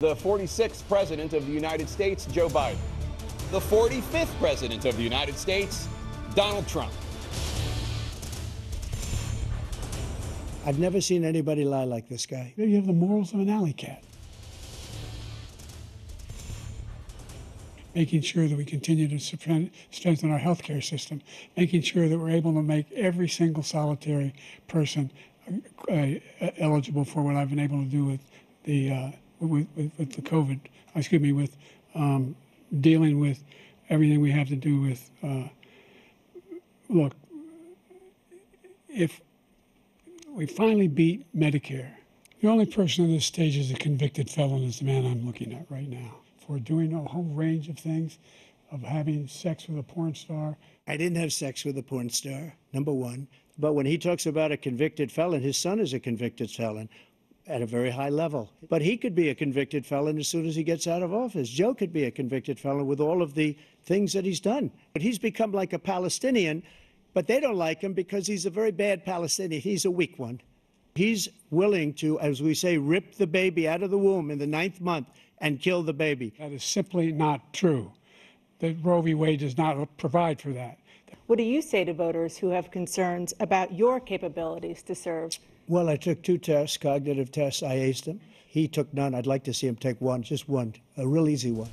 The 46th President of the United States, Joe Biden. The 45th President of the United States, Donald Trump. I've never seen anybody lie like this guy. You have the morals of an alley cat. Making sure that we continue to strengthen our healthcare system, making sure that we're able to make every single solitary person uh, eligible for what I've been able to do with the. Uh, with, with, with the COVID, excuse me, with um, dealing with everything we have to do with. Uh, look, if we finally beat Medicare, the only person on this stage is a convicted felon is the man I'm looking at right now for doing a whole range of things, of having sex with a porn star. I didn't have sex with a porn star, number one. But when he talks about a convicted felon, his son is a convicted felon at a very high level. But he could be a convicted felon as soon as he gets out of office. Joe could be a convicted felon with all of the things that he's done. But he's become like a Palestinian, but they don't like him because he's a very bad Palestinian. He's a weak one. He's willing to, as we say, rip the baby out of the womb in the ninth month and kill the baby. That is simply not true. The Roe v. Wade does not provide for that. What do you say to voters who have concerns about your capabilities to serve? Well, I took two tests, cognitive tests. I aced them. He took none. I'd like to see him take one, just one, a real easy one.